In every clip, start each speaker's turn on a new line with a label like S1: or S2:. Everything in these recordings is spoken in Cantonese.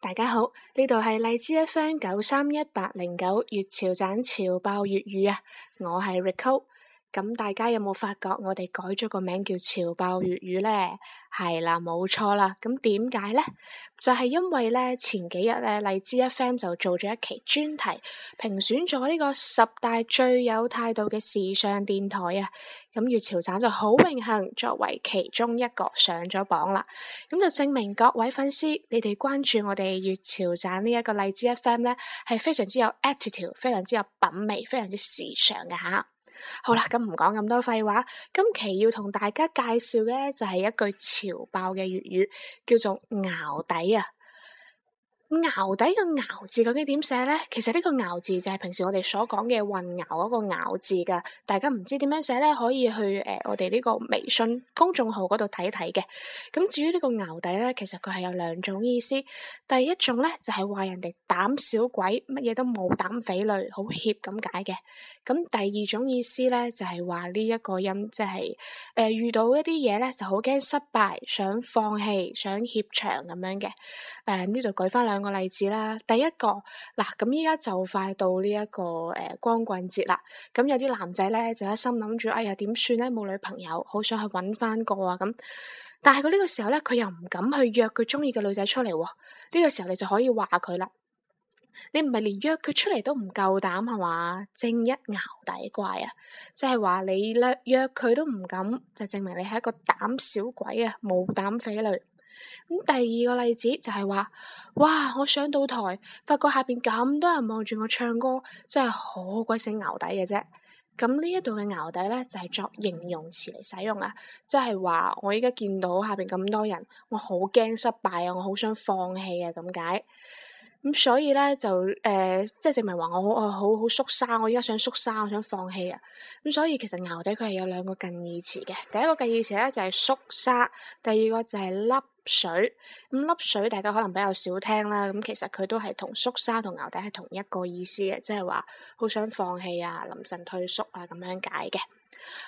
S1: 大家好，呢度係荔枝 FM 九三一八零九粵潮站潮爆粵語啊，我係 Rico 咁大家有冇發覺我哋改咗個名叫潮爆粵語呢？係啦，冇錯啦。咁點解呢？就係因為呢，前幾日呢，荔枝 FM 就做咗一期專題，評選咗呢個十大最有態度嘅時尚電台啊。咁粵潮站就好榮幸作為其中一個上咗榜啦。咁就證明各位粉絲，你哋關注我哋粵潮站呢一個荔枝 FM 呢，係非常之有 attitude，非常之有品味，非常之時尚嘅吓。好啦，咁唔講咁多廢話，今期要同大家介紹嘅就係一句潮爆嘅粵語，叫做淆底啊！淆底嘅淆字究竟點寫咧？其實呢個淆字就係平時我哋所講嘅混淆 𠮶 個淆字㗎，大家唔知點樣寫咧，可以去誒、呃、我哋呢個微信公眾號嗰度睇睇嘅。咁、嗯、至於呢個淆底咧，其實佢係有兩種意思。第一種咧就係、是、話人哋膽小鬼，乜嘢都冇膽匪類，好怯咁解嘅。咁、嗯、第二種意思咧就係話呢一個音即係誒遇到一啲嘢咧就好驚失敗，想放棄，想怯場咁樣嘅。誒呢度舉翻兩。個例子啦，第一個嗱咁，依家就快到呢、這、一個誒、呃、光棍節啦。咁有啲男仔咧就一心諗住，哎呀點算咧？冇女朋友，好想去搵翻個啊！咁但係佢呢個時候咧，佢又唔敢去約佢中意嘅女仔出嚟、啊。呢、這個時候你就可以話佢啦。你唔係連約佢出嚟都唔夠膽係嘛？正一淆底怪啊！即係話你約約佢都唔敢，就證明你係一個膽小鬼啊！冇膽匪類。咁第二個例子就係話，哇！我上到台，發覺下邊咁多人望住我唱歌，真係好鬼死淆底嘅啫。咁呢一度嘅淆底咧，就係、是、作形容詞嚟使用啊，即係話我依家見到下邊咁多人，我好驚失敗啊，我好想放棄啊，咁解。咁、嗯、所以咧就誒、呃，即係證明話我好好好縮沙，我依家想縮沙，我想放棄啊。咁、嗯、所以其實淆底佢係有兩個近義詞嘅，第一個近義詞咧就係、是、縮沙，第二個就係甩水咁、嗯、粒水，大家可能比較少聽啦。咁、嗯、其實佢都係同縮沙同淆底係同一個意思嘅，即係話好想放棄啊，臨陣退縮啊咁樣解嘅。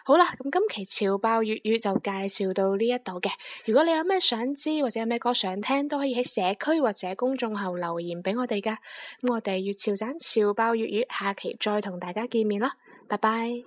S1: 好啦，咁、嗯、今期潮爆粵語就介紹到呢一度嘅。如果你有咩想知或者有咩歌想聽，都可以喺社區或者公眾號留言畀我哋噶。咁、嗯、我哋粵潮盞潮爆粵語，下期再同大家見面咯。拜拜。